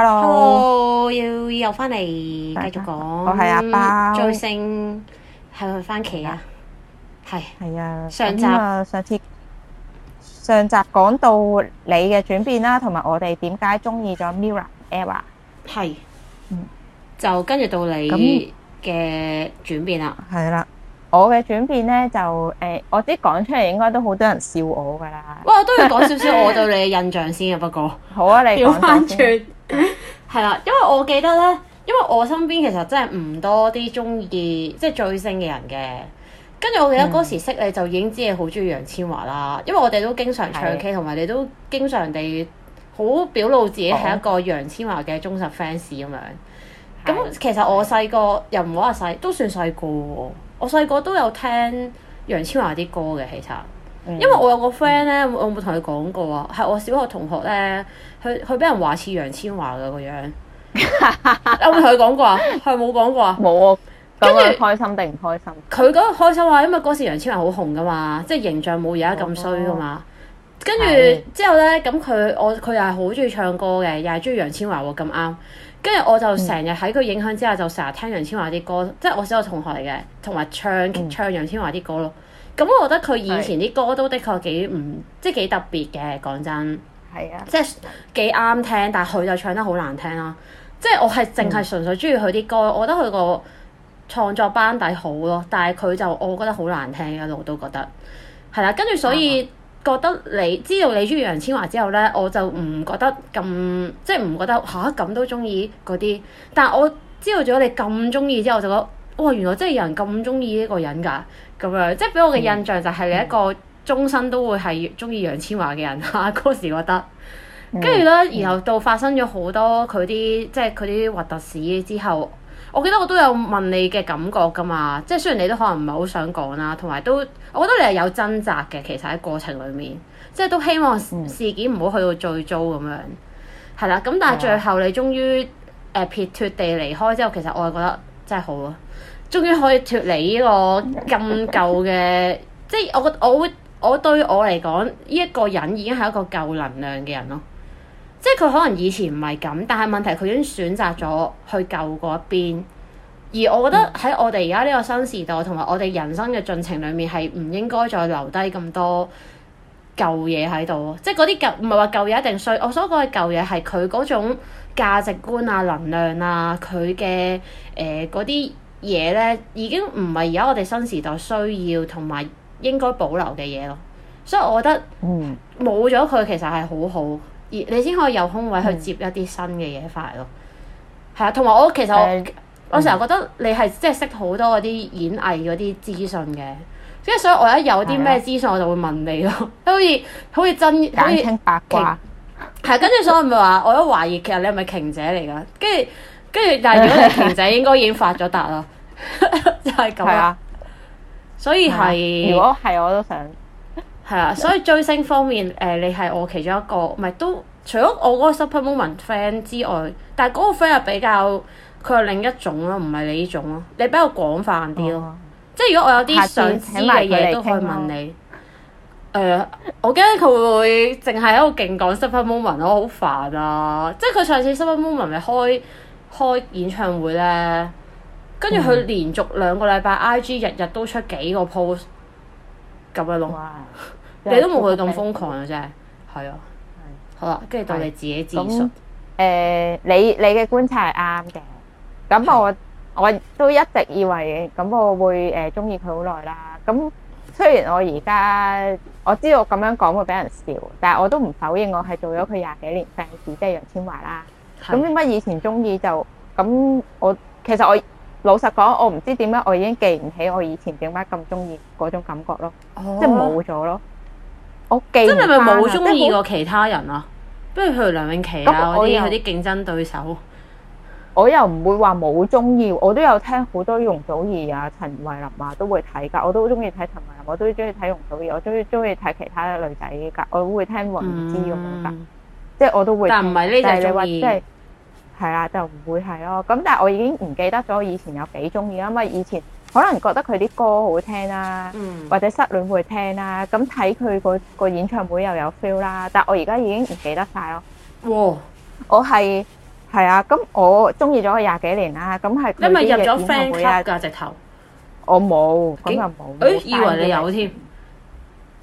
hello，要又翻嚟繼續講、啊，我係阿包，追星，係番茄啊，係係啊，上集上次上集講到你嘅轉變啦，同埋我哋點解中意咗 Mirror Error 係，嗯，就跟住到你嘅轉、嗯、變啦，係啦、啊，我嘅轉變咧就誒、呃，我啲講出嚟應該都好多人笑我噶啦，哇，都要講少少我對你嘅印象先啊，不過 好啊，你講翻轉。 係啦， 因為我記得咧，因為我身邊其實真係唔多啲中意即係追星嘅人嘅。跟住我記得嗰時識你就已經知你好中意楊千嬅啦，因為我哋都經常唱 K，同埋你都經常地好表露自己係一個楊千嬅嘅忠實 fans 咁樣。咁、哦、其實我細個又唔好話細，都算細個。我細個都有聽楊千嬅啲歌嘅，其實。因為我有個 friend 咧，我有冇同佢講過啊，係我小學同學咧，佢佢俾人話似楊千嬅嘅個樣， 有冇同佢講過啊，佢冇講過啊。冇啊。講佢著開心定唔開心？佢覺得開心啊，因為嗰時楊千嬅好紅㗎嘛，即係形象冇而家咁衰㗎嘛。跟住之後咧，咁佢我佢又係好鍾意唱歌嘅，又係鍾意楊千嬅喎咁啱。跟住我就成日喺佢影響之下，嗯、就成日聽楊千嬅啲歌，即係我小學同學嚟嘅，同埋唱唱，唱楊千嬅啲歌咯。咁我覺得佢以前啲歌都的確幾唔即係幾特別嘅，講真係啊，即係幾啱聽，但係佢就唱得好難聽咯。即係我係淨係純粹中意佢啲歌，嗯、我覺得佢個創作班底好咯，但係佢就我覺得好難聽，一路都覺得係啦。跟住所以覺得你知道你中意楊千嬅之後咧，我就唔覺得咁即係唔覺得吓，咁、啊、都中意嗰啲。但係我知道咗你咁中意之後，我就覺得哇，原來真係有人咁中意呢個人㗎。咁樣，即係俾我嘅印象就係你一個終身都會係中意楊千嬅嘅人啊！嗰、嗯、 時覺得，跟住咧，然後到發生咗好多佢啲即係佢啲核突事之後，我記得我都有問你嘅感覺噶嘛，即係雖然你都可能唔係好想講啦，同埋都，我覺得你係有掙扎嘅，其實喺過程裡面，即係都希望事件唔好去到最糟咁樣，係啦，嗯。咁但係最後你終於誒，呃、撇脱地離開之後，其實我係覺得真係好咯。終於可以脱離呢個咁舊嘅，即係我覺我會，我對我嚟講，呢一個人已經係一個舊能量嘅人咯。即係佢可能以前唔係咁，但係問題佢已經選擇咗去舊嗰邊。而我覺得喺我哋而家呢個新時代，同埋我哋人生嘅進程裡面，係唔應該再留低咁多舊嘢喺度咯。即係嗰啲舊唔係話舊嘢一定衰。所我所講嘅舊嘢係佢嗰種價值觀啊、能量啊、佢嘅誒嗰啲，呃嘢咧，已經唔係而家我哋新時代需要同埋應該保留嘅嘢咯，所以我覺得，嗯，冇咗佢其實係好好，而你先可以有空位去接一啲新嘅嘢翻嚟咯。係啊、嗯，同埋我其實我成日、嗯、覺得你係即係識好多嗰啲演藝嗰啲資訊嘅，即係所以我一有啲咩資訊我就會問你咯，了 好似好似真，好似聽八卦。係，跟住所以咪話，我都懷疑其實你係咪瓊姐嚟噶？跟住。跟住，但係如果你僆仔應該已經發咗達啦， 就係咁啊。所以係，如果係我都想係啊。所以追星方面，誒、呃，你係我其中一個，唔係都除咗我嗰個 Super Moment friend 之外，但係嗰個 friend 係比較佢係另一種咯，唔係你呢種咯。你比較廣泛啲咯，哦、即係如果我有啲想知嘅嘢都可以問你。誒、 呃，我驚佢會淨係喺度勁講 Super Moment 咯，好煩啊！即係佢上次 Super Moment 咪開開演唱會咧，跟住佢連續兩個禮拜 I G 日日都出幾個 post 咁樣咯，哇你都冇佢咁瘋狂啊啫，係、嗯，係啊，嗯、對好啦，跟住到你自己自信，誒、呃，你你嘅觀察係啱嘅，咁我我都一直以為，咁我會誒中意佢好耐啦，咁、呃、雖然我而家我知道咁樣講會俾人笑，但係我都唔否認我係做咗佢廿幾年 fans，即係楊千嬅啦。咁點解以前中意就咁？我其實我老實講，我唔知點解我已經記唔起我以前點解咁中意嗰種感覺咯，即係冇咗咯。我記真係咪冇中意過其他人啊？不如譬如梁詠琪啊嗰啲，佢啲競爭對手，我又唔會話冇中意，我都有聽好多容祖兒啊、陳慧琳啊都會睇噶，我都好中意睇陳慧琳，我都中意睇容祖兒，我中意中意睇其他女仔噶，我會聽王菀之咁樣噶。嗯即係我都會，但係你話即係係啊，就唔會係咯。咁但係我已經唔記得咗以前有幾中意，因為以前可能覺得佢啲歌好聽啦，或者失戀會聽啦。咁睇佢個演唱會又有 feel 啦。但係我而家已經唔記得曬咯。哇！我係係啊，咁我中意咗佢廿幾年啦。咁係因為入咗 fan club 㗎直頭。我冇，咁又冇，以為你有添。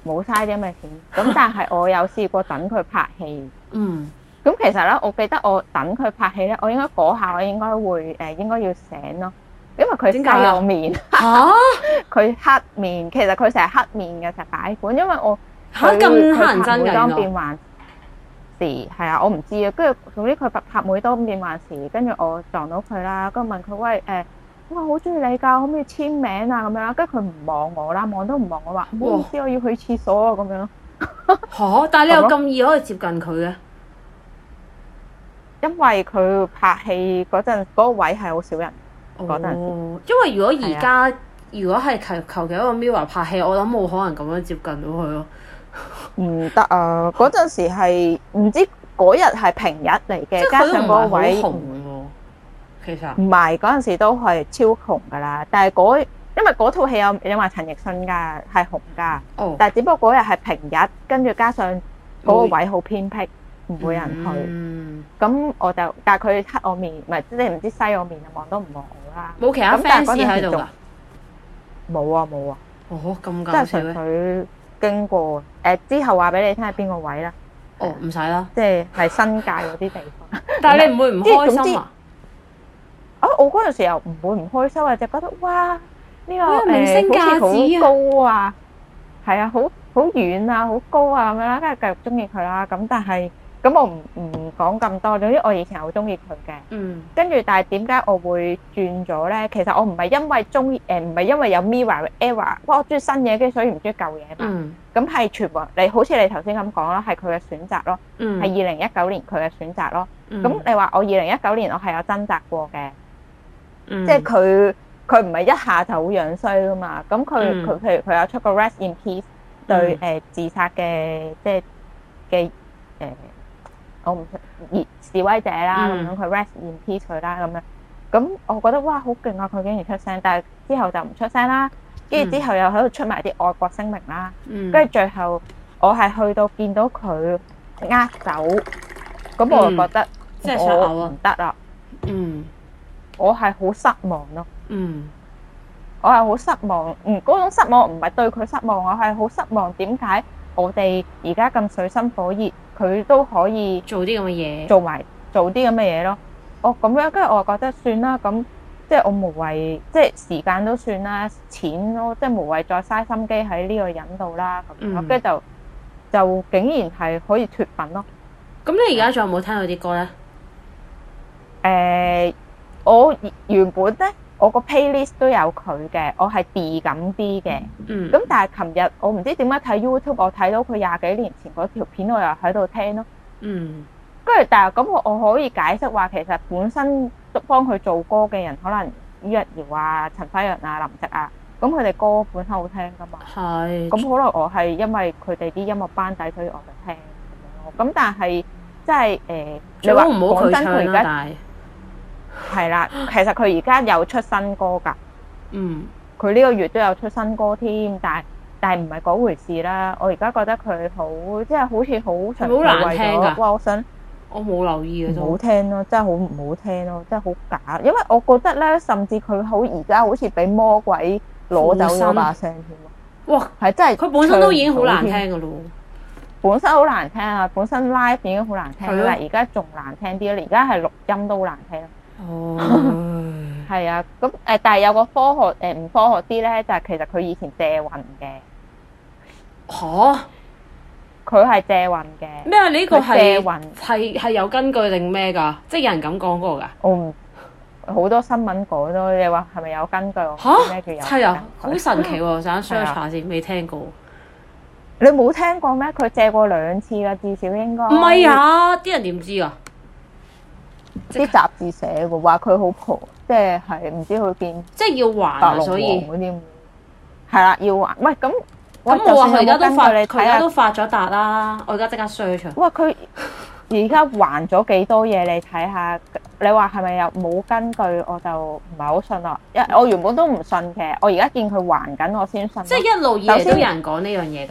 冇嘥啲咩嘅錢，咁但係我有試過等佢拍戲。嗯，咁其實咧，我記得我等佢拍戲咧，我應該嗰下我應該會誒應該要醒咯，因為佢黑面佢、啊、 黑面，其實佢成日黑面嘅，就擺款，因為我嚇咁黑人憎嘅。每當變幻時係啊，我唔知啊，跟住總之，佢拍拍每當變幻時，跟住、啊、我，我撞到佢啦，跟住問佢喂誒。呃我好中意你噶，可唔可以簽名啊？咁樣啦，跟住佢唔望我啦，望都唔望。我話唔好意思，我要去廁所啊，咁樣。吓、哦！但係你又咁易可以接近佢嘅？因為佢拍戲嗰陣嗰個位係好少人。我覺得、哦，因為如果而家、啊、如果係求求其一個 Mirror 拍戲，我諗冇可能咁樣接近到佢咯。唔得啊！嗰陣時係唔知嗰日係平日嚟嘅，加上嗰個位。嗯唔係嗰陣時都係超紅㗎啦，但係嗰因為嗰套戲有你話陳奕迅㗎係紅㗎，但係只不過嗰日係平日，跟住加上嗰個位好偏僻，唔會有人去。咁我就但係佢黑我面，唔係即係唔知西我面，望都唔望好啦。冇其他 fans 喺度㗎。冇啊冇啊。哦，咁緊要。即係純粹經過。誒，之後話俾你聽係邊個位啦？哦，唔使啦。即係係新界嗰啲地方。但係你唔會唔開心啊？我嗰陣時又唔會唔開心啊，就覺得哇呢個誒好似好高啊，係啊，好好遠啊，好高啊咁樣啦，跟住繼續中意佢啦。咁但係咁我唔唔講咁多。總之我以前係好中意佢嘅，嗯，跟住但係點解我會轉咗咧？其實我唔係因為中意誒唔係因為有 Mirror 同 Error，哇！我中意新嘢，跟住所以唔中意舊嘢嘛。嗯，咁係全部你好似你頭先咁講啦，係佢嘅選擇咯，嗯，係二零一九年佢嘅選擇咯。咁你話我二零一九年我係有掙扎過嘅。即係佢佢唔係一下就好樣衰噶嘛，咁佢佢譬如佢有出個 Rest in Peace 對，誒自殺嘅即係嘅誒我唔識示威者啦咁樣，佢 Rest in Peace 佢啦咁樣，咁我覺得哇好勁啊，佢竟然出聲，但係之後就唔出聲啦，跟住之後又喺度出埋啲愛國聲明啦，跟住最後我係去到見到佢呃走，咁我就覺得我唔得啦，嗯。我係好失望咯，嗯，我係好失望，嗯，嗰種失望唔係對佢失望，我係好失望。點解我哋而家咁水深火熱？佢都可以做啲咁嘅嘢，做埋做啲咁嘅嘢咯。哦，咁樣，跟住我覺得算啦，咁即係我無謂，即係時間都算啦，錢咯，即係無謂再嘥心機喺呢個人度啦。咁跟住就就竟然係可以脫粉咯。咁、嗯、你而家仲有冇聽到啲歌咧？誒、呃。我原本咧，我個 playlist 都有佢嘅，我係 B 咁啲嘅。嗯。咁但係琴日我唔知點解睇 YouTube，我睇到佢廿幾年前嗰條片，我又喺度聽咯。嗯。跟住，但係咁我我可以解釋話，其實本身幫佢做歌嘅人，可能于逸堯啊、陳輝陽啊、林夕啊，咁佢哋歌本身好聽噶嘛。係。咁可能我係因為佢哋啲音樂班底推我嚟聽。咁但係即係誒，你話講真佢而家。係啦，其實佢而家有出新歌噶，嗯，佢呢個月都有出新歌添，但係但係唔係嗰回事啦。我而家覺得佢好，即係好似好純粹為咗，我想我冇留意嘅，唔的好聽咯，真係好唔好聽咯，真係好假。因為我覺得咧，甚至佢好而家好似俾魔鬼攞走咗把聲添，身哇，係真係佢本身都已經好難聽噶咯，本身好難聽啊，本身 live 已經好難聽啦，而家仲難聽啲啦，而家係錄音都好難聽。哦，係啊，咁誒，但係有個科學誒唔、呃、科學啲咧，就係、是、其實佢以前借運嘅。吓、啊？佢係借運嘅咩？呢、這個係借運係係有根據定咩噶？即係有人咁講過噶？哦，好多新聞講咯，你話係咪有根據？吓咩叫有？係啊，好 神奇喎！想、嗯、search 下先，未聽過。你冇聽過咩？佢借過兩次啦，至少應該唔係啊！啲人點知啊？ 啲雜誌寫嘅話佢好蒲，即係係唔知佢點，即係要還、啊、所以唔係啦，要還。喂，咁咁那我話佢而家都發，佢而家都發咗達啦。我而家即刻 search。喂，佢而家還咗幾多嘢？你睇下，你話係咪又冇根據？我就唔係好信咯。嗯、因我原本都唔信嘅，我而家見佢還緊，我先信。即係一路有，有少少人講呢樣嘢㗎。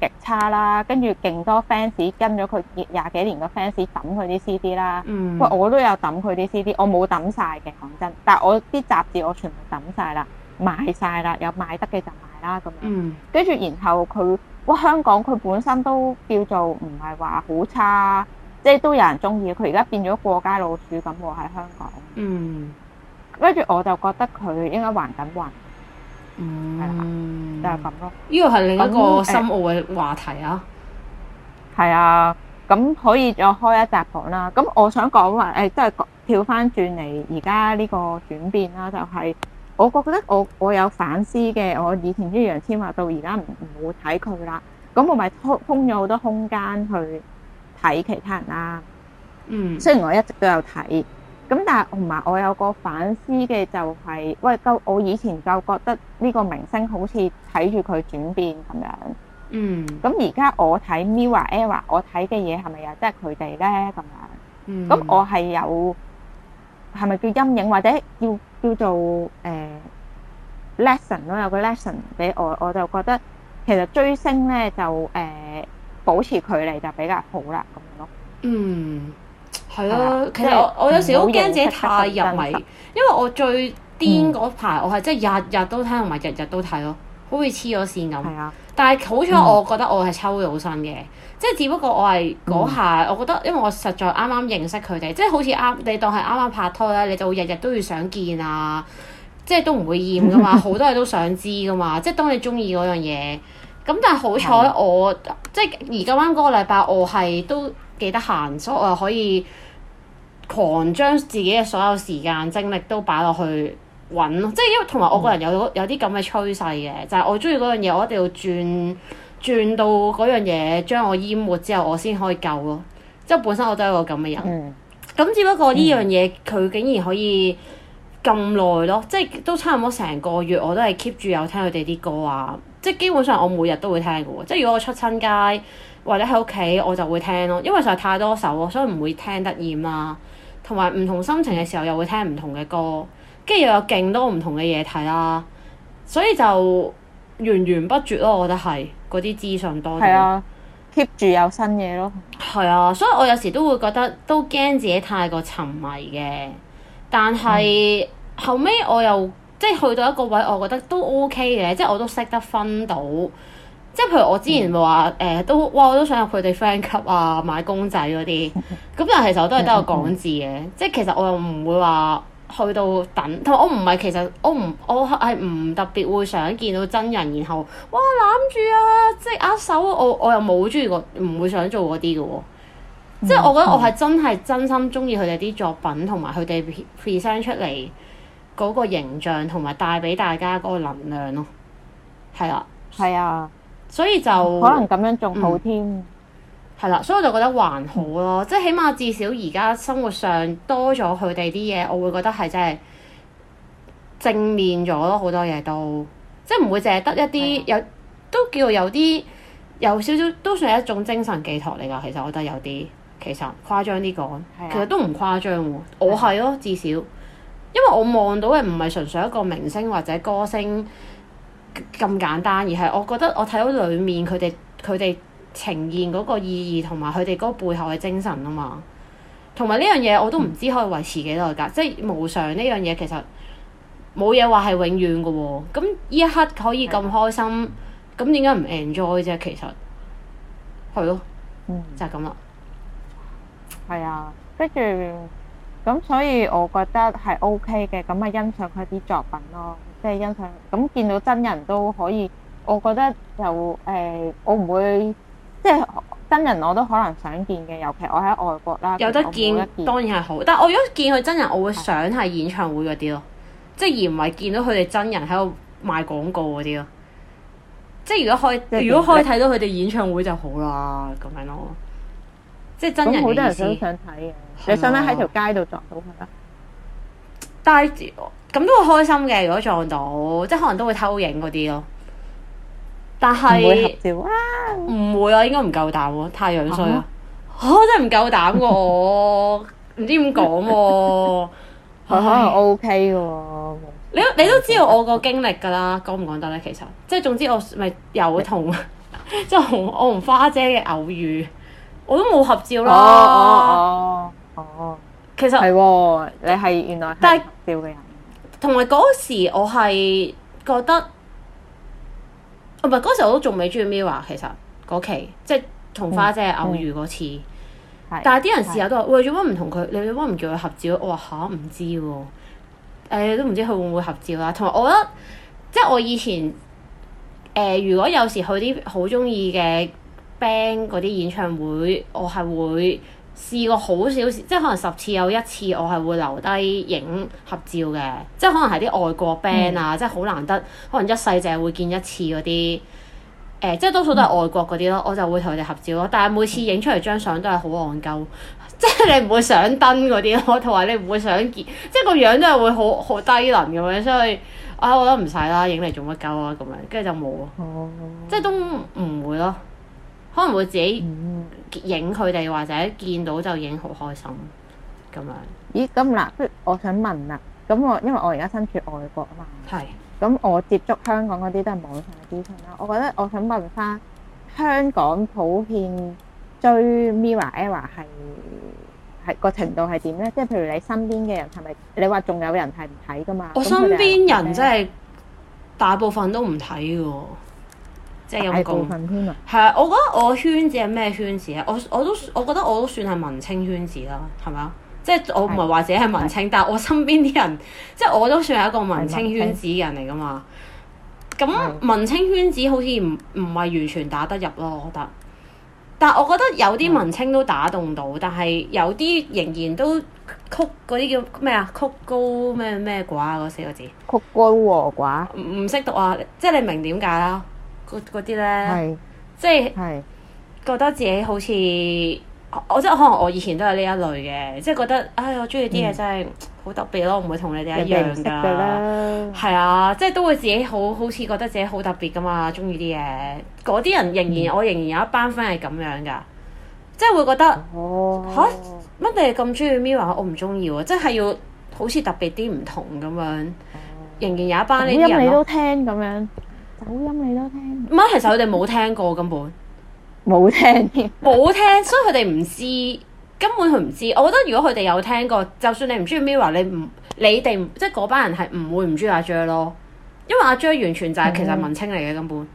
極差啦，跟住勁多 fans 跟咗佢廿幾年嘅 fans 抌佢啲 CD 啦，喂、嗯、我都有抌佢啲 CD，我冇抌晒嘅，講真，但係我啲雜誌我全部抌晒啦，賣晒啦，有賣得嘅就賣啦咁樣，跟住、嗯、然後佢，哇，香港佢本身都叫做唔係話好差，即係都有人中意，佢而家變咗過街老鼠咁喎喺香港，嗯，跟住我就覺得佢應該還緊還。嗯，係啦，就係咁咯。呢個係另一個深奧嘅話題啊。係啊，咁、哎、可以再開一集講啦。咁我想講話，誒、哎，即係跳翻轉嚟，而家呢個轉變啦，就係、是、我覺得我我有反思嘅，我以前啲楊千嬅到而家唔唔會睇佢啦。咁我咪空空咗好多空間去睇其他人啦。嗯。雖然我一直都有睇。咁但係同埋我有個反思嘅就係，喂，我以前就覺得呢個明星好似睇住佢轉變咁樣。嗯。咁而家我睇 Mirror Error，我睇嘅嘢係咪又即係佢哋咧咁樣？嗯。咁我係有，係咪叫陰影或者叫叫做誒 lesson 咯？有個 lesson 俾我，我就覺得其實追星咧就誒保持距離就比較好啦咁樣咯。嗯。係啊，其實我我有時好驚自己太入迷， 因為我最癲嗰排我係即係日日都聽同埋日日都睇咯，好似黐咗線咁。係是啊，但係好彩，我覺得我係抽到身嘅，嗯、即係只不過我係嗰下我覺得，因為我實在啱啱認識佢哋，即係好似啱你當係啱啱拍拖啦，你就會日日都要想見啊，即係都唔會厭噶嘛，好 多嘢都想知噶嘛，即係當你鍾意嗰樣嘢。咁但係好彩我即係是、啊、而家啱嗰個禮拜，我係都幾得閒，所以我又可以。狂將自己嘅所有時間精力都擺落去揾咯，即係因為同埋我個人有有啲咁嘅趨勢嘅，嗯、就係我中意嗰樣嘢，我一定要轉轉到嗰樣嘢將我淹沒之後，我先可以救咯。即係本身我都係一個咁嘅人，咁、嗯、只不過呢樣嘢佢竟然可以咁耐咯，即係都差唔多成個月我都係 keep 住有聽佢哋啲歌啊！即係基本上我每日都會聽㗎喎，即係如果我出親街或者喺屋企我就會聽咯，因為實在太多首咯，所以唔會聽得厭啦、啊。同埋唔同心情嘅時候又會聽唔同嘅歌，跟住又有勁多唔同嘅嘢睇啦，所以就源源不絕咯，我覺得係嗰啲資訊多啲。係啊，keep 住有新嘢咯。係啊，所以我有時都會覺得都驚自己太過沉迷嘅，但係、嗯、後尾我又即係去到一個位，我覺得都 OK 嘅，即係我都識得分到。即係譬如我之前話誒、呃、都哇我都想入佢哋 friend 級啊買公仔嗰啲咁，但係其實我都係得個講字嘅。 即係其實我又唔會話去到等，同我唔係其實我唔我係唔特別會想見到真人，然後哇攬住啊，即係握手、啊，我我又冇鍾意過，唔會想做嗰啲嘅喎。嗯、即係我覺得我係真係、嗯、真心鍾意佢哋啲作品，同埋佢哋 present 出嚟嗰個形象，同埋帶俾大家嗰個能量咯。係啊，係啊。所以就可能咁樣仲好添、嗯，係啦，所以我就覺得還好咯，嗯、即係起碼至少而家生活上多咗佢哋啲嘢，我會覺得係真係正面咗咯，好多嘢都即係唔會淨係得一啲是的 有，都叫有啲有少少都算係一種精神寄託嚟噶。其實我覺得有啲其實誇張啲講，其實都唔誇張喎。是的 我係咯，至少因為我望到嘅唔係純粹一個明星或者歌星咁簡單，而係我覺得我睇到裡面佢哋佢哋呈現嗰個意義，同埋佢哋嗰個背後嘅精神啊嘛。同埋呢樣嘢我都唔知可以維持幾耐㗎，嗯、即係無常呢樣嘢其實冇嘢話係永遠嘅喎、哦。咁呢一刻可以咁開心，咁點解唔 enjoy 啫？其實係咯，哦嗯、就係咁啦。係啊，跟住咁，所以我覺得係 OK 嘅，咁啊欣賞佢啲作品咯。即係欣賞，咁、嗯、見到真人都可以，我覺得就誒、呃，我唔會即係真人，我都可能想見嘅。尤其我喺外國啦，有得見，有得見當然係好。但係我如果見佢真人，我會想係演唱會嗰啲咯，即係而唔係見到佢哋真人喺度賣廣告嗰啲咯。即係如果可以，是如果可以睇到佢哋演唱會就好啦，咁樣咯。即係真人。好多人都想睇嘅，的你想唔想喺條街度撞到佢啊？呆住我。呃呃呃呃咁都會開心嘅，如果撞到，即係可能都會偷影嗰啲咯。但係唔會合照唔、啊、會啊，應該唔夠膽喎、啊，太樣衰啦嚇，啊哦、我真係唔夠膽喎、啊，唔 知點講喎可能 OK 喎。是你你都知道我個經歷㗎啦，講唔講得咧？其實即係總之我咪又同即係我同花姐嘅偶遇，我都冇合照咯、哦。哦，哦，哦其實係喎、哦，你係原來係照嘅人。同埋嗰時我係覺得，唔係嗰時我都仲未中意 Mirror 其實嗰期即係同花姐偶遇嗰次，嗯嗯、但係啲人試下都話：喂，做乜唔同佢？你做乜唔叫佢合照？我話嚇唔知喎、啊，誒、呃、都唔知佢會唔會合照啦、啊。同埋我覺得，即係我以前誒、呃，如果有時去啲好中意嘅 band 嗰啲演唱會，我係會。試過好少次，即係可能十次有一次我係會留低影合照嘅，即係可能係啲外國 band 啊，嗯、即係好難得，可能一世淨係會見一次嗰啲，誒、呃，即係多數都係外國嗰啲咯，我就會同佢哋合照咯。但係每次影出嚟張相都係好戇鳩，即係你唔會想登嗰啲咯，同埋你唔會想見，即係個樣都係會好好低能咁樣，所以啊，我覺得唔使啦，影嚟做乜鳩啊咁樣，跟住就冇咯，哦、即係都唔會咯。可能會自己影佢哋，或者見到就影好開心咁樣。咦，咁嗱，不如我想問啦，咁我因為我而家身處外國啊嘛，係是，咁我接觸香港嗰啲都係網上嘅資訊啦。我覺得我想問翻香港普遍追 Mirror Error 係係個程度係點咧？即係譬如你身邊嘅人係咪？你話仲有人係唔睇噶嘛？我身邊人真係大部分都唔睇嘅。即係有個圈，係啊！我覺得我圈子係咩圈子啊？我我都我覺得我都算係文青圈子啦，係咪啊？即係我唔係話自己係文青，哎、但係我身邊啲人，哎、即係我都算係一個文青圈子嘅人嚟噶嘛。咁、哎、文，文青圈子好似唔唔係完全打得入咯，我覺得。但係我覺得有啲文青都打動到，哎、但係有啲仍然都曲嗰啲叫咩啊？曲高咩咩寡？嗰四個字曲高和寡。唔唔識讀啊！即係你明點解啦？嗰啲咧，即係覺得自己好似我，即係可能我以前都有呢一類嘅，即係覺得，唉，我中意啲嘢真係好特別咯，唔會同你哋一樣噶，係啊，即係都會自己好好似覺得自己好特別噶嘛，中意啲嘢。嗰啲人仍然，我仍然有一班 friend 係咁樣噶，即係會覺得，嚇乜你咁中意 Mirror 我唔中意啊，即係要好似特別啲唔同咁樣，仍然有一班呢啲人，你都聽咁樣。抖音你都聽？唔係，其實佢哋冇聽過根本，冇聽，冇聽，所以佢哋唔知，根本佢唔知。我覺得如果佢哋有聽過，就算你唔中意 MIRROR，你唔，你哋即係嗰班人係唔會唔中意阿 Jer，、er、因為阿 Jer、er、完全就係、是嗯、其實文青嚟嘅，根本。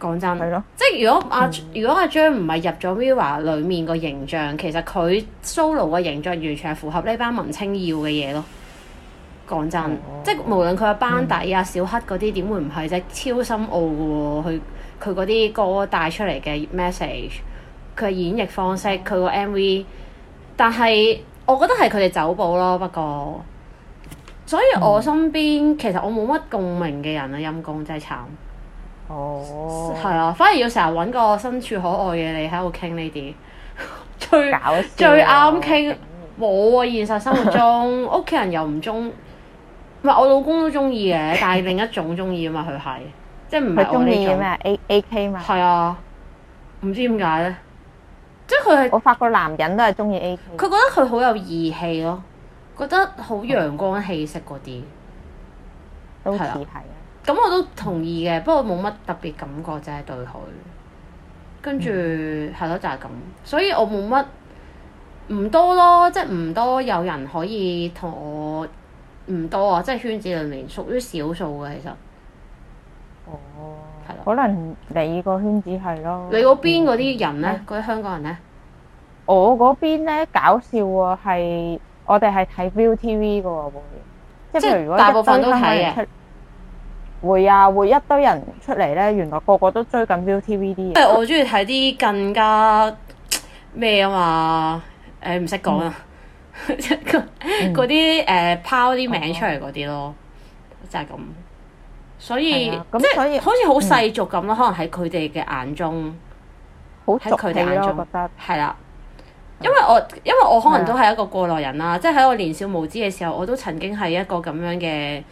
講真係咯，了即係如果阿、嗯、如果阿 Jer 唔係入咗 MIRROR 裏面個形象，其實佢 solo 嘅形象完全係符合呢班文青要嘅嘢咯。講真，即係無論佢阿班底啊、小黑嗰啲，點會唔係啫？真超深奧嘅，佢佢嗰啲歌帶出嚟嘅 message，佢嘅演繹方式，佢個 MV，但係我覺得係佢哋走寶咯。不過，所以我身邊、嗯、其實我冇乜共鳴嘅人啊，陰公真係慘。哦，係啊，反而要成日搵個身處可愛嘅 最你喺度傾呢啲，最搞笑，最啱傾。冇啊，現實生活中，屋企 人又唔中。唔係我老公都中意嘅，但係另一種中意啊嘛，佢係即係唔係我呢種。佢中意咩？A A K 嘛。係啊，唔知點解咧？即係佢係。我發覺男人都係中意 A K。佢覺得佢好有義氣咯，覺得好陽光氣息嗰啲。都似係啊。咁、嗯、我都同意嘅，不過冇乜特別感覺啫對佢。跟住係咯，就係、是、咁，所以我冇乜唔多咯，即係唔多有人可以同我。唔多啊，即係圈子裏面屬於少數嘅其實。哦、oh, 的，係啦，可能你個圈子係咯。你嗰邊嗰啲人咧，嗰啲、嗯、香港人咧？我嗰邊咧搞笑喎，係我哋係睇 ViuTV 嘅喎，會即係是如大部分都睇嘅。會啊，會一堆人出嚟咧，原來個個都追緊 ViuTV 啲嘢。即係我中意睇啲更加咩啊嘛，誒唔識講啊！嗰啲誒拋啲名出嚟嗰啲咯，哦、就係咁。所以即係好似好世俗咁咯，嗯、可能喺佢哋嘅眼中，好俗氣咯、啊，覺得係啦。啊、因為我因為我可能都係一個過來人啦，啊、即係喺我年少無知嘅時候，我都曾經係一個咁樣嘅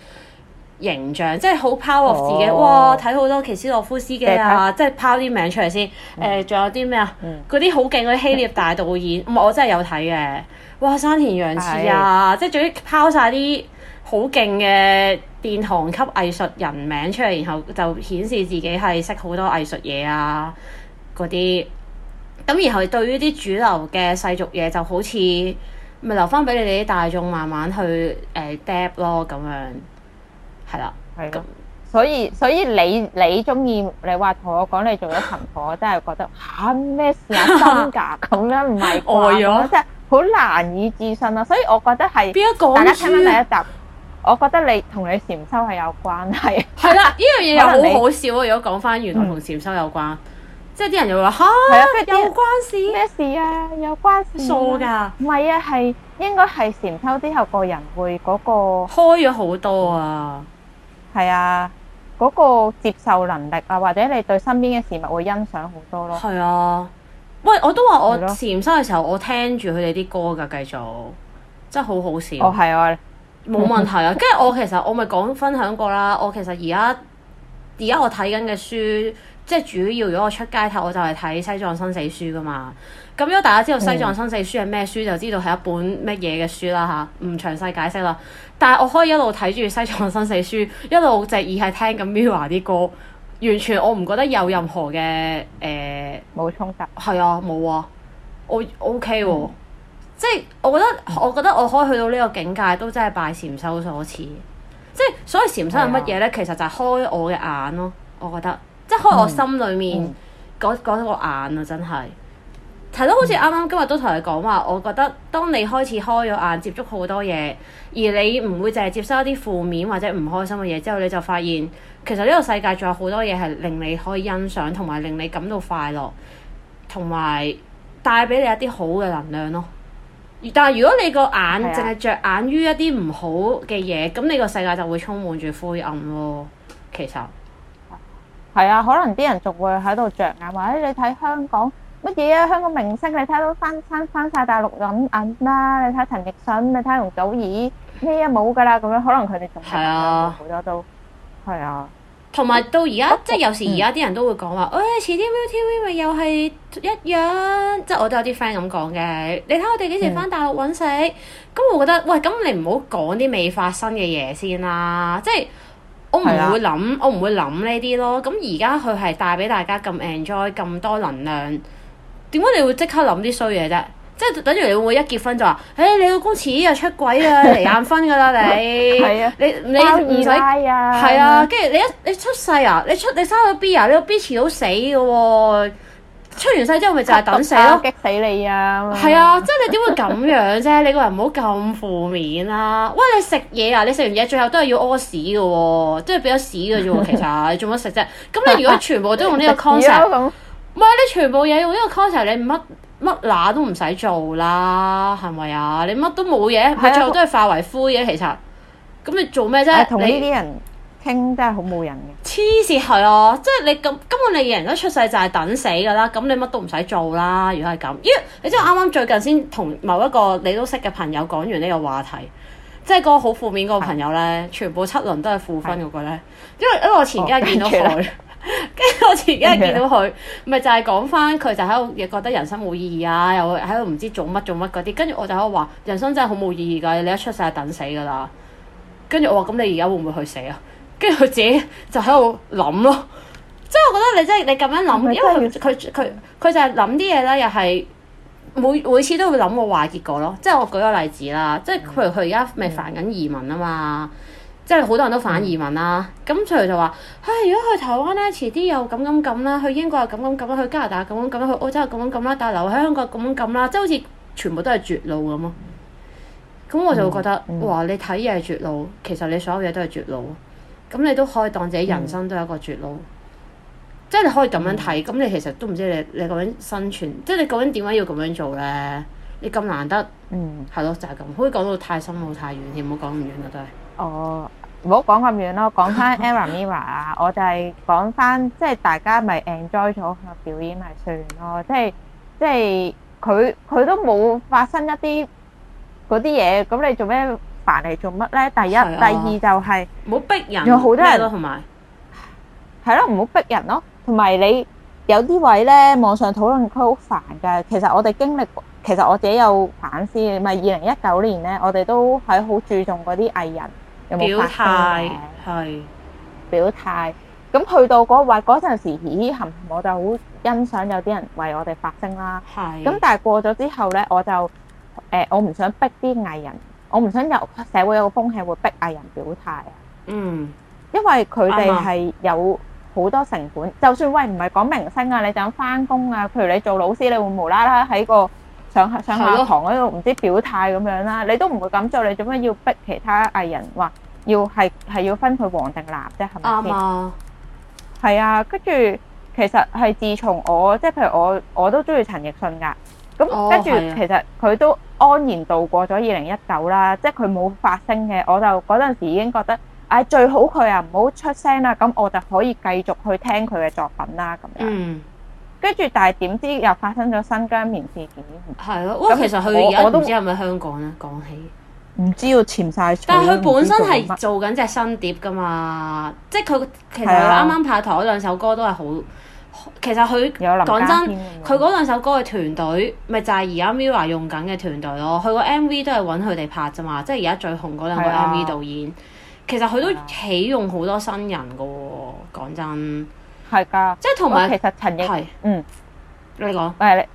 形象即係好拋鑊自己，哦、哇！睇好多奇斯洛夫斯基啊，呃、即係拋啲名出嚟先。誒、嗯，仲、呃、有啲咩啊？嗰啲好勁嗰啲希臘大導演，我真係有睇嘅。哇！山田洋次啊，的即係總之拋晒啲好勁嘅殿堂級藝術人名出嚟，然後就顯示自己係識好多藝術嘢啊嗰啲。咁然後對於啲主流嘅世俗嘢，就好似咪留返俾你哋啲大眾慢慢去誒 d e b 咯，咁、呃嗯、樣。係啦，係咯、嗯，所以所以你你中意你話同我講你做咗神婆， 我真係覺得吓咩、啊、事啊、 呃、了真噶咁樣唔係外咗，真係好難以置信啊。所以我覺得係邊一個？大家聽翻第一集，我覺得你同你禪修係有關係。係啦，呢樣嘢又好好笑。如果講翻完同禪修有關係，即係啲人又話吓有關係咩事啊？有關係傻噶？唔係啊，係、啊、應該係禪修之後個人會嗰、那個開咗好多啊。係啊，嗰、那個接受能力啊，或者你對身邊嘅事物會欣賞好多咯。係啊，喂，我都話我潛生嘅時候，我聽住佢哋啲歌噶，繼續，真係好好笑。哦，係啊，冇問題啊。跟住 我其實我咪講分享過啦。我其實而家而家我睇緊嘅書，即係主要如果我出街睇，我就係睇《西藏生死書》噶嘛。咁如果大家知道《西藏生死書》係咩書，嗯、就知道係一本乜嘢嘅書啦吓，唔詳細解釋啦。但係我可以一路睇住西藏生死書， 一路就而係聽緊 Mirror 啲歌，完全我唔覺得有任何嘅誒冇衝突。係啊，冇啊，我 O K 喎，OK 啊，嗯、即係我覺得我覺得我可以去到呢個境界，都真係拜禪修所賜。即係所以禪修係乜嘢咧？啊、其實就係開我嘅眼咯。我覺得即係開我心裏面嗰嗰、嗯嗯嗰個眼啊！真係。係咯，好似啱啱今日都同你講話，我覺得當你開始開咗眼接觸好多嘢，而你唔會淨係接收一啲負面或者唔開心嘅嘢之後，你就發現其實呢個世界仲有好多嘢係令你可以欣賞同埋令你感到快樂，同埋帶俾你一啲好嘅能量咯。但係如果你個眼淨係着眼於一啲唔好嘅嘢，咁你個世界就會充滿住灰暗咯。其實，係啊，可能啲人仲會喺度着眼或者你睇香港。乜嘢啊？香港明星你睇到翻翻翻曬大陸揾銀啦、啊。你睇陳奕迅，你睇容祖兒，咩一冇噶啦咁樣，可能佢哋仲喺大陸好多都係啊。同埋、啊嗯、到而家、嗯、即係有時，而家啲人都會講話，喂、欸，遲啲 ViuTV 咪又係一樣。即係我都有啲 friend 咁講嘅。你睇我哋幾時翻大陸揾食？咁、嗯、我覺得，喂，咁你唔好講啲未發生嘅嘢先啦。即係我唔會諗，我唔會諗呢啲咯。咁而家佢係帶俾大家咁 enjoy 咁多能量，點解你會即刻諗啲衰嘢啫？即係等住你會一結婚就話，誒你老公遲啊出軌啊離眼婚噶啦你！係啊！你你唔使啊！係啊！跟住你一你出世啊，你出你生咗 B 啊，你個 B 遲到死㗎喎！出完世之後咪就係等死咯！激死你啊！係啊！即係你點會咁樣啫？你個人唔好咁負面啊！喂，你食嘢啊？你食完嘢最後都係要屙屎㗎喎，即係俾咗屎㗎啫喎！其實你做乜食啫？咁你如果全部都用呢個 concept。唔係你全部嘢用呢個 concert，你乜乜乸都唔使做啦，係咪啊？你乜都冇嘢，係咪？你的最後都係化為灰嘅。其實咁你做咩啫？同呢啲人傾真係好冇癮嘅。黐線，係啊！即係你咁根本你人一出世就係等死㗎啦，咁你乜都唔使做啦。如果係咁，咦？你知道我啱啱最近先同某一個你都識嘅朋友講完呢個話題，即係個好負面個朋友咧，的全部七輪都係負分嗰個咧，因為的因為我前幾日見到佢、哦。 跟住 我前幾日見到佢，咪 Okay. 就係講翻佢就喺度亦覺得人生冇意義啊，又喺度唔知做乜做乜嗰啲。跟住我就喺度話：人生真係好冇意義㗎，你一出世就等死㗎啦。跟住我話：咁你而家會唔會去死啊？跟住佢自己就喺度諗咯。即係我覺得你真係你咁樣諗， 因為佢佢佢就係諗啲嘢咧，又係每每次都會諗個壞結果咯。即係我舉個例子啦，即係譬如佢而家咪煩緊移民啊嘛。即係好多人都反移民啦，咁所以就話：唉，如果去台灣咧，遲啲又咁咁咁啦；去英國又咁咁咁啦；去加拿大咁咁咁啦；去澳洲又咁咁咁啦；但留喺香港咁樣咁啦。即係好似全部都係絕路咁咯。咁我就會覺得，哇！你睇嘢係絕路，其實你所有嘢都係絕路。咁你都可以當自己人生都係一個絕路。即係你可以咁樣睇，咁你其實都唔知你你咁樣生存，即係你究竟點解要咁樣做咧？你咁難得，嗯，係咯，就係咁。可以講到太深奧太遠，你唔好講咁遠啦，都係。哦。唔好講咁遠咯，講翻 Era Mirror 啊，我就係講翻，即係大家咪 enjoy 咗個表演咪算咯，即係即係佢佢都冇發生一啲嗰啲嘢，咁你做咩煩嚟做乜咧？第一、第二就係唔好逼人，有好多人咯，同埋係咯，唔好逼人咯，同埋你有啲位咧，網上討論區好煩噶。其實我哋經歷，其實我自己有反思，咪二零一九年咧，我哋都係好注重嗰啲藝人。有冇表態態？係是表態。咁去到嗰位嗰陣時，咦？含我就好欣賞有啲人為我哋發聲啦。係是。咁但係過咗之後咧，我就誒、呃，我唔想逼啲藝人，我唔想由社會有個風氣會逼藝人表態。嗯。因為佢哋係有好多成本，嗎就算喂唔係講明星啊，你就返工啊，譬如你做老師，你會無啦啦喺個。上上堂嗰度唔知表態咁樣啦，你都唔會咁做，你做咩要逼其他藝人話要係係要分佢黃定藍啫？係咪先？係吧啊，跟住其實係自從我即係譬如我我都中意陳奕迅噶，咁跟住其實佢都安然度過咗二零一九啦，即係佢冇發聲嘅，我就嗰陣時已經覺得，唉、哎、最好佢啊唔好出聲啦，咁我就可以繼續去聽佢嘅作品啦咁樣。嗯。跟住，但係點知又發生咗新疆棉事件。係咯的，咁那其實佢而家唔知係咪香港咧。講起唔知要潛曬。但係佢本身係做緊隻新碟噶嘛，即係佢其實佢啱啱拍台兩首歌都係好。的其實佢講真，佢嗰、嗯、兩首歌嘅團隊，咪就係而家 Mirror 用緊嘅團隊咯。佢個 MV 都係揾佢哋拍啫嘛。即係而家最紅嗰兩個 MV 導演，的其實佢都起用好多新人噶喎。講真。係噶，即係同埋其實陳奕，是嗯，你講說，唔係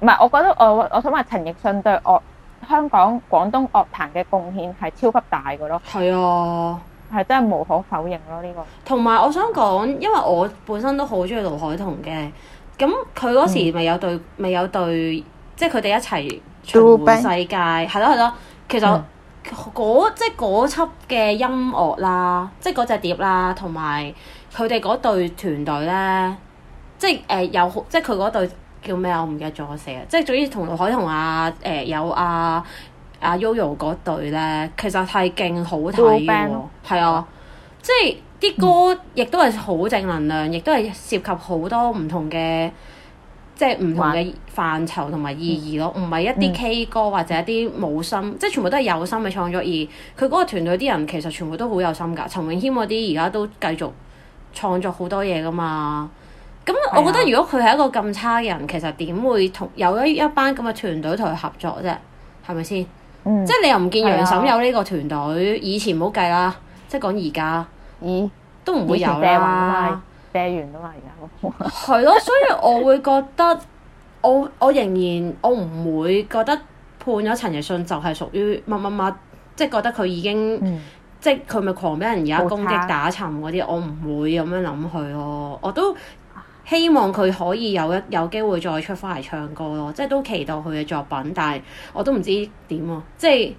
唔係，我覺得我我想話陳奕迅對樂香港廣東樂壇嘅貢獻係超級大嘅咯，係啊的，係真係無可否認咯呢、這個。同埋我想講，因為我本身都好中意盧凱彤嘅，咁佢嗰時咪有對咪有對，即係佢哋一齊《傳説世界》New Band?，係咯係咯。其實嗰即係嗰輯嘅音樂啦，即係嗰隻碟啦，同埋。佢哋嗰隊團隊咧，即係誒、呃、有即係佢嗰隊叫咩？我唔記得咗寫。即係總之同海同阿誒有阿、啊、阿、啊、Yoyo 嗰隊咧，其實係勁好睇嘅，係 No band. 啊，即係啲歌亦都係好正能量，亦、嗯、都係涉及好多唔同嘅即係唔同嘅範疇同埋意義咯。唔係、嗯、一啲 K 歌或者一啲冇心，嗯、即係全部都係有心嘅創作。而佢嗰個團隊啲人其實全部都好有心噶。陳永謙嗰啲而家都繼續。創作好多嘢㗎嘛，咁我覺得如果佢係一個咁差嘅人，的其實點會同有一一班咁嘅團隊同佢合作啫，係咪先？嗯、即係你又唔見楊嬸有呢個團隊，的以前唔好計啦，即係講而家，嗯、都唔會有啦，跌完完啦嘛而家。係咯， 所以我會覺得我，我我仍然我唔會覺得判咗陳奕迅就係屬於乜乜乜，即係、就係、覺得佢已經、嗯。即係佢咪狂俾人而家攻擊打沉嗰啲，我唔會咁樣諗佢咯。我都希望佢可以有一有機會再出翻嚟唱歌咯、啊。即係都期待佢嘅作品，但係我都唔知點喎、啊。即係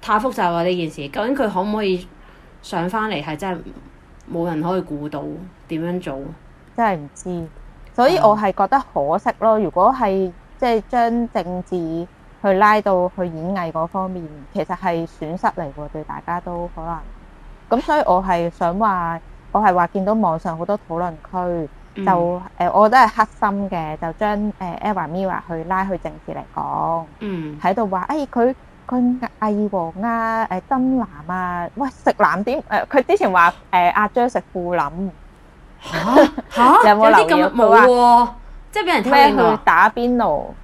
太複雜啦呢件事，究竟佢可唔可以上翻嚟，係真係冇人可以估到點樣做、啊，真係唔知。所以我係覺得可惜咯。如果係即係將政治。去拉到去演藝嗰方面，其實係損失嚟喎，對大家都可能。咁所以我係想話，我係話見到網上好多討論區，嗯、就誒、呃、我覺得係黑心嘅，就將誒、呃、Error Mirror 去拉去政治嚟講，喺度話，哎，佢佢偽黃啊，誒深藍啊，喂食藍啲誒，佢、呃、之前話誒、呃、阿 Jer 食、er、布林， 有冇啲咁到啊？說即係俾人聽完去打邊爐。麼麼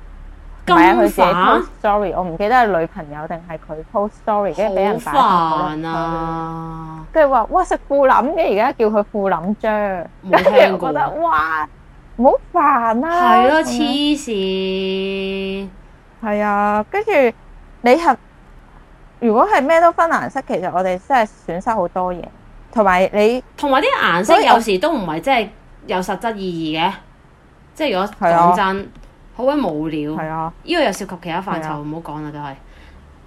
係啊，佢自己 post story，我唔記得係女朋友定係佢 post story，跟住俾人扮啊。跟住話哇，食富冧嘅而家叫佢富冧張，跟住又覺得哇，唔好煩啊！係咯，黐綫。係、嗯、啊，跟住你係如果係咩都分顏色，其實我哋真係損失好多嘢，同埋你同埋啲顏色有時以都唔係真係有實質意義嘅，即係了如果佢講真。好鬼無聊，係啊！呢個又涉及其他範疇，唔好講啦，都係。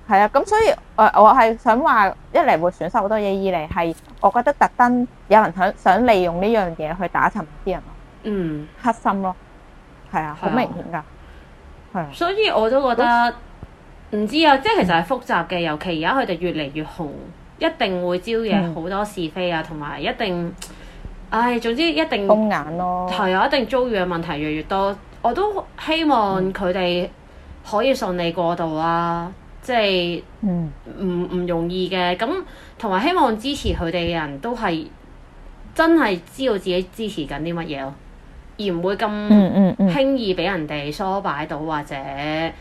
係啊，咁所以，誒，我係想話，一嚟會損失好多嘢，二嚟係，我覺得特登有人想想利用呢樣嘢去打沉啲人咯，嗯，黑心咯，係啊，好明顯㗎，係啊。所以我都覺得唔知啊，即係其實係複雜嘅，尤其而家佢哋越嚟越紅，一定會招惹好多是非啊，同埋一定，唉，總之一定。風眼咯。係啊，一定遭遇嘅問題越嚟越多。我都希望佢哋可以順利過渡啦，啊，即係唔唔容易嘅。咁同埋希望支持佢哋嘅人都係真係知道自己支持緊啲乜嘢咯，而唔會咁輕易俾人哋梳擺到或者誒係、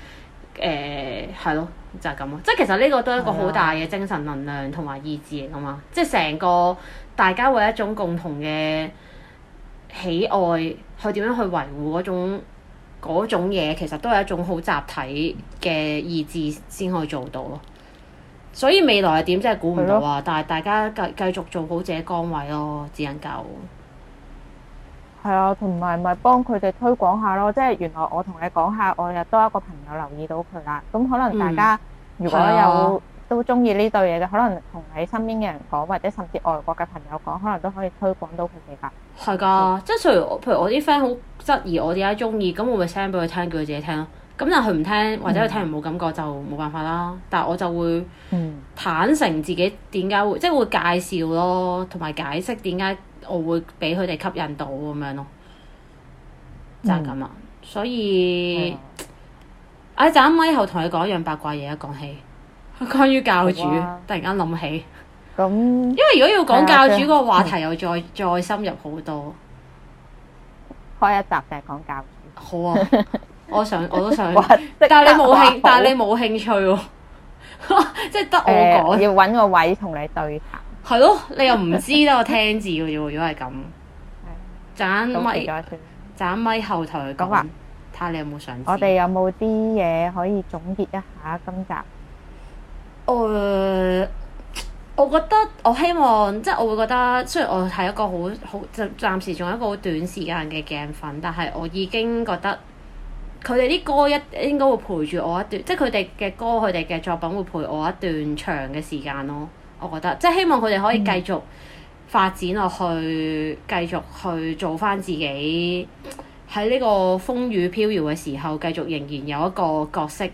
嗯嗯嗯呃、咯，就係咁咯。即係其實呢個都係一個好大嘅精神能量同埋意志嚟噶嘛，即係成個大家會一種共同嘅喜愛。去點樣去維護嗰種嗰種嘢，其實都係一種好集體嘅意志先可以做到咯。所以未來係點真係估唔到啊！的但係大家繼繼續做好自己崗位咯，只能夠。係啊，同埋咪幫佢哋推廣下咯。即係原來我同你講下，我又多一個朋友留意到佢啦。咁可能大家如果有。嗯都中意呢對嘢嘅，可能同你身邊嘅人講，或者甚至外國嘅朋友講，可能都可以推廣到佢哋噶。係噶的，嗯、即係譬如我，啲 friend 好質疑我點解中意，咁我咪 send 俾佢聽，叫佢自己聽咯。咁但佢唔聽，或者佢聽完冇、嗯、感覺，就冇辦法啦。但係我就會坦誠自己點解會，即係會介紹咯，同埋解釋點解我會俾佢哋吸引到咁樣咯。就係咁啦，所以啊，就啱啱以、嗯、後同你講一樣八卦嘢啊，講起。關於教主，突然間諗起，因為如果要講教主個話題，又再再深入好多，開一集就係講教主。好啊，我想我都想，但係你冇興，但係你冇興趣喎，即係得我講，要揾個位同你對談。係咯，你又唔知得我聽字嘅啫喎，如果係咁，斬咪斬咪後台講，睇下你有冇想。我哋有冇啲嘢可以總結一下今集？誒，uh, 我覺得我希望即係我會覺得，雖然我係一個好好暫暫時仲有一個好短時間嘅鏡粉，但係我已經覺得佢哋啲歌一應該會陪住我一段，即係佢哋嘅歌，佢哋嘅作品會陪我一段長嘅時間咯。我覺得即係希望佢哋可以繼續發展落去，嗯、繼續去做返自己喺呢個風雨飄搖嘅時候，繼續仍然有一個角色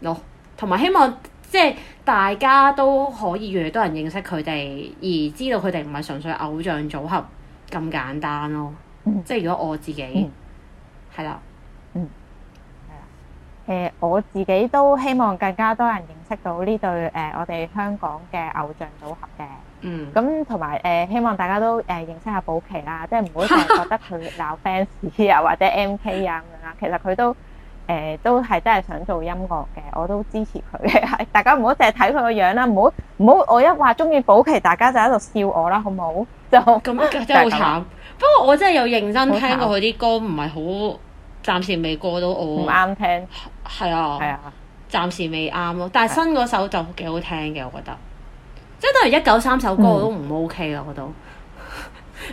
咯，同埋希望。即係大家都可以越嚟越多人認識佢哋，而知道佢哋唔係純粹偶像組合咁簡單咯。嗯、即係如果我自己，係啦，嗯，係啦的。誒、嗯呃，我自己都希望更加多人認識到呢對誒、呃、我哋香港嘅偶像組合嘅。嗯。咁同埋誒，希望大家都誒、呃、認識下寶琪啦，即係唔好淨係覺得佢鬧 fans 啊， 或者 MK 啊咁樣啦。其實佢都。誒、呃，都係真係想做音樂嘅，我都支持佢嘅。大家唔好淨係睇佢個樣啦，唔好唔好，我一話中意保錡，大家就喺度笑我啦，好唔好？就咁，真係好慘。 不過我真係有認真聽過佢啲歌，唔係好，暫時未過到我，唔啱聽。係啊，係啊，暫時未啱咯。但係新嗰首就幾好聽嘅，我覺得。即係等於一九三首歌，我都唔 OK 啦，嗯、我都。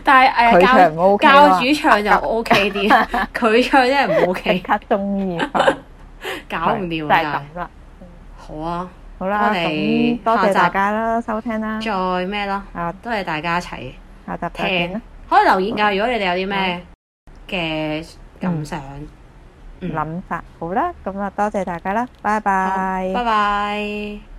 但係誒，教教主唱就 O K 啲，佢唱真係唔 O K，即刻中意搞唔掂噶。好啊，好啦，咁多謝大家啦，收聽啦，再咩咯？啊，都係大家一齊下集聽可以留言噶，如果你哋有啲咩嘅感想、諗法，好啦，咁啊，多謝大家啦，拜拜，拜拜。